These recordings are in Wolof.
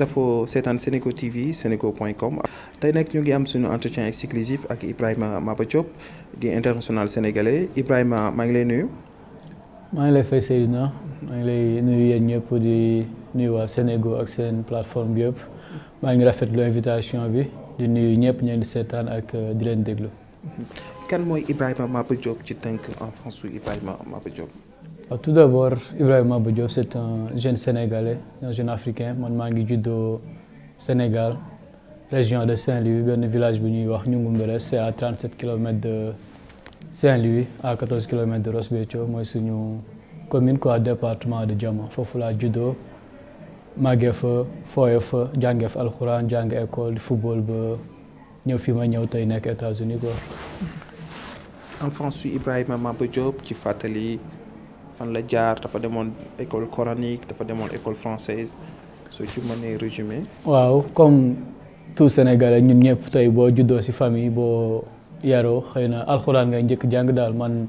safo seetaan Sénégo TV sénégo point com tey nag ñu ngi am suñu entretien exclusif ak Ibrahima Maba Diop di international sénégalais Ibrahima maa ngi lay nuyu. maa ngi lay fay Seydina maa ngi lay nuyu yéen ñëpp di nuyu waa Sénégo ak seen plateforme bi yëpp maa ngi rafetlu invitation bi di nuyu ñëpp ñeen di seetaan ak euh, di leen déglu. kan mooy Ibrahima Maba Diop ci tënk en France su Ibrahima Maba Diop. Euh, tout d'abord Ibrahima Ba Diop c'est un jeune sénégalais un jeune africain man maa ngi juddoo Sénégal région de Saint-Louis benn village bu ñuy wax Ñungumbere c'est à 37 kilomètres de Saint-Louis à 14 kilomètres de Ross Béthio mooy suñu commune à département de Diama foofu laa juddoo magge fa fooye fa jàngee fa alxuraan jàng école football ba ñëw fi ma ñëw tey nekk États-Unis quoi. enfance su Ibrahima Maba Diop ci fàttali. fan la jaar dafa demoon école coranique dafa demoon école française soo ci mënee résumé. waaw comme tout Sénégalais ñun ñëpp tey boo juddoo si famille boo yaroo xëy na alxuraan ngay njëkk jàng daal man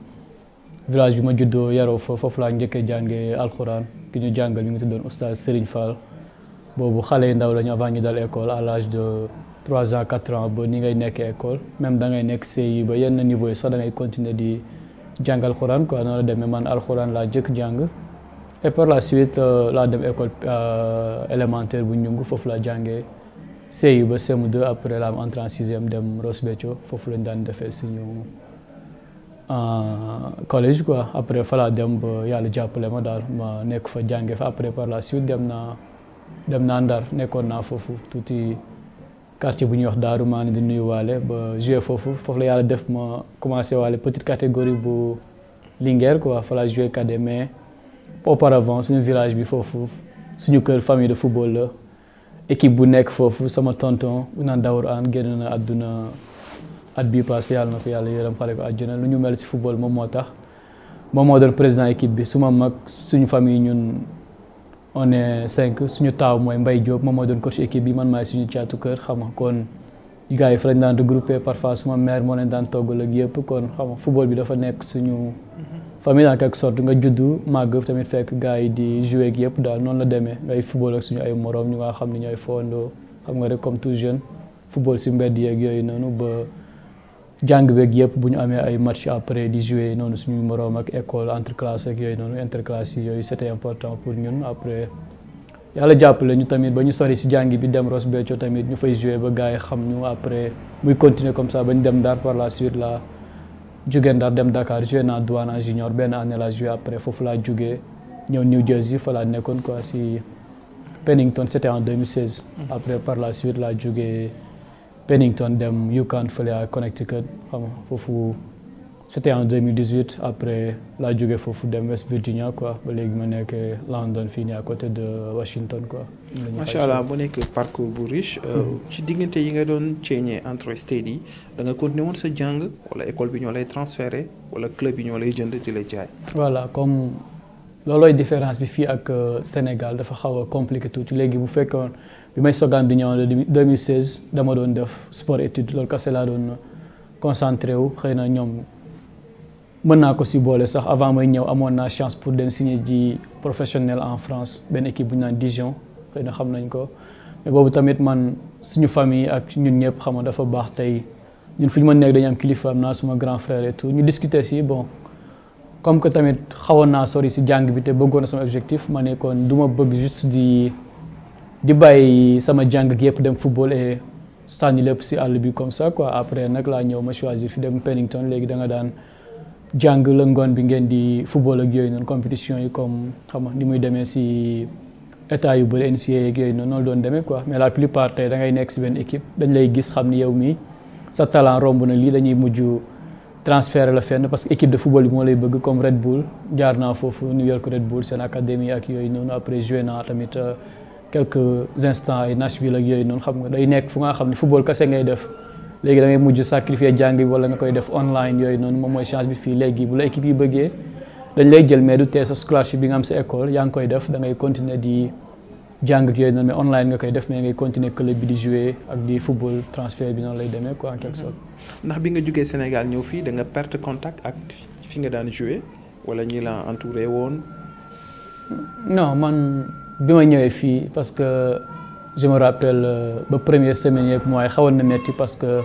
village bi ma juddoo yaroo fa foofu laa njëkkee jàngee alxuraan ki ñu jàngal ñu ngi tuddoon oustaz Serigne Fall boobu xale yu ndaw lañu avant ñu dal école à lage de trois ans quatre ans ba ni ngay nekkee école même da ngay nekk CI ba yenn niveau yi sax da di. jàng alxuraan quoi noonu la demee man alxuraan laa jëkk jàng et par la suite euh, la dem école euh, élémentaire bu ñungu foofu laa jàngee CI ba CM2 après la am entrée dem Ross Béthio foofu lañ daan defee suñu euh, collège quoi après fa laa dem ba yàlla jàppale ma daal ma nekk fa jànge fa après par la suite dem naa dem naa Ndar nekkoon na foofu tuuti. quartier bu ñuy wax Daaru maa ni di nuyu waale ba joué foofu foofu la yàlla def ma commencé waale petite catégorie bu Linguère quoi fa la joué cadet mais auparavant suñu village bi foofu suñu kër famille de football la équipe bu nekk foofu sama tonton bu naan Daour Aan génn na àdduna at bi passé yàlla na ko yàlla yërëm xale ko àjjana lu ñu mel si football moom moo tax moom moo doon président équipe bi su ma mag suñu famille ñun on est cinq suñu taaw mooy Mbaye Diop moom moo doon coach équipe bi man maay suñu caatu kër xam nga kon gars yi fa lañ daan regroupé parfois suma mère moo leen daan toggal ak yëpp kon xam football bi dafa nekk suñu famille en quelque sorte nga juddu màgg tamit fekk gars di jouer ak yëpp daal noonu la demee ngay football ak suñu ay morom ñu nga xam ne ñooy fondoo xam nga rek comme tout jeune football si mbedd yeeg yooyu noonu ba jàng beeg yëpp bu ñu amee ay match après di jouer noonu suñu moroom ak école entre classe ak yooyu noonu interclasse yi yooyu c'était important pour ñun après yàlla jàppale ñu tamit ba ñu sori si jàng bi dem Ross Béthio tamit ñu fay jouer ba gars yi xam ñu après muy comme ça ba ñu dem Ndar par la suite la jóge Ndar dem Dakar joué naa douane en junior benn année la joué après foofu laa jógee ñëw New Jersey fa laa nekkoon quoi si Pennington c'était en 2016. Mm-hmm. après par la suite laa jógee. Pennington dem UCAN fële à Connecticut xam nga foofu c'était en 2018 après laa jóge foofu dem West Virginia quoi ba léegi ma nekk London fii nii à côté de Washington quoi. macha allah mu nekk parcours bu riche. Euh, hmm. ci diggante yi nga doon ceeñee entre state yi da nga continuer woon sa jàng wala école bi ñoo lay transféré wala club yi ñoo lay jënd di la jaay. voilà comme loolooy différence bi fii ak euh, Sénégal dafa xaw a compliqué tuuti léegi bu fekkoon. bi may sogaan di ñëw 2016 dama doon def sport étude loolu kese laa doon concentré wu xëy na ñoom mën naa ko si boole sax avant mooy ñëw amoon naa chance pour dem signer ji professionnel en France benn équipe bu ñu naan Dijon xëy na xam nañ ko mais boobu tamit man suñu famille ak ñun ñëpp xam nga dafa baax tey ñun fu ñu mën nekk dañu kilifa am naa suma grand frère et ñu discuter si bon comme que tamit xawoon naa sori si jàng bi te bëggoon na sama objectif ma nekkoon kon du ma bëgg juste di. di bàyyi sama jàng gi yëpp dem football et sànni lépp si àll bi comme sa quoi après nag laa ñëw ma choisir fi dem Pennington léegi danga daan jàng la ngoon bi ngeen di football ak yooyu noonu yi comme xam nga ni muy demee si état yu bëri NCA ak yooyu noonu noonu doon demee quoi mais la plupart tey da ngay nekk si benn équipe dañ lay gis xam ni yow mii sa talent romb na lii dañuy mujj transfert la fen parce que équipe de football bi moo lay bëgg comme Red Bull jaar naa foofu New York Red Bull seen académie ak yooyu noonu après joué tamit. Euh, quelques instants ay Nashville ak yooyu noonu xam nga day nekk fu nga xam ne football kase ngay def léegi da mujj sacrifier jàng bi wala nga koy def online yooyu noonu moom mooy chance bi fii léegi bu la équipe yi bëggee dañ lay jël mais du tee sa scholarship bi nga am sa école yaa ngi koy def da ngay continuer di jàng ak yooyu noonu mais online nga koy def mais ngay continuer club bi di jouer ak di football transfert bi noonu lay demee quoi en quelque mm-hmm. ndax bi nga jógee Sénégal ñëw fii da nga perte contact ak fi nga daan jouer wala ñi la entouré woon. non man. bi ma ñëwee fii parce que je me rappelle euh, ba première semaine yeeg mooy xawoon na metti parce que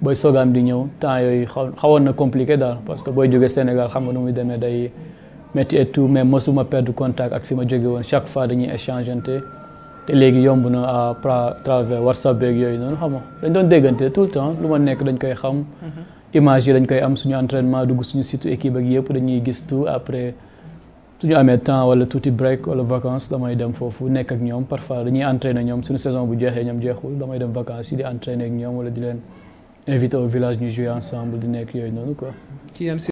booy soogaam di ñëw temps yooyu xawoon na compliqué daal parce que booy jógee Sénégal xam nga nu muy demee day metti et tout mais mosuma perdre contact ak fi ma jóge woon chaque fois dañuy échangeante te yomb na à travers WhatsApp beeg yooyu noonu xam nga dañ doon déggante tout le temps lu ma nekk dañ koy xam mhm. image yi dañ koy am suñu entraînement dugg suñu site équipe ak yëpp dañuy gis tout après suñu amee temps wala tuuti break wala vacances damay dem foofu nekk ak ñoom parfois dañuy entraîner ñoom suñu saison bu jeexee ñoom jeexul damay dem vacances yi di entraîner ñoom wala di leen invité village ñu jouer ensemble di nekk yooyu noonu quoi.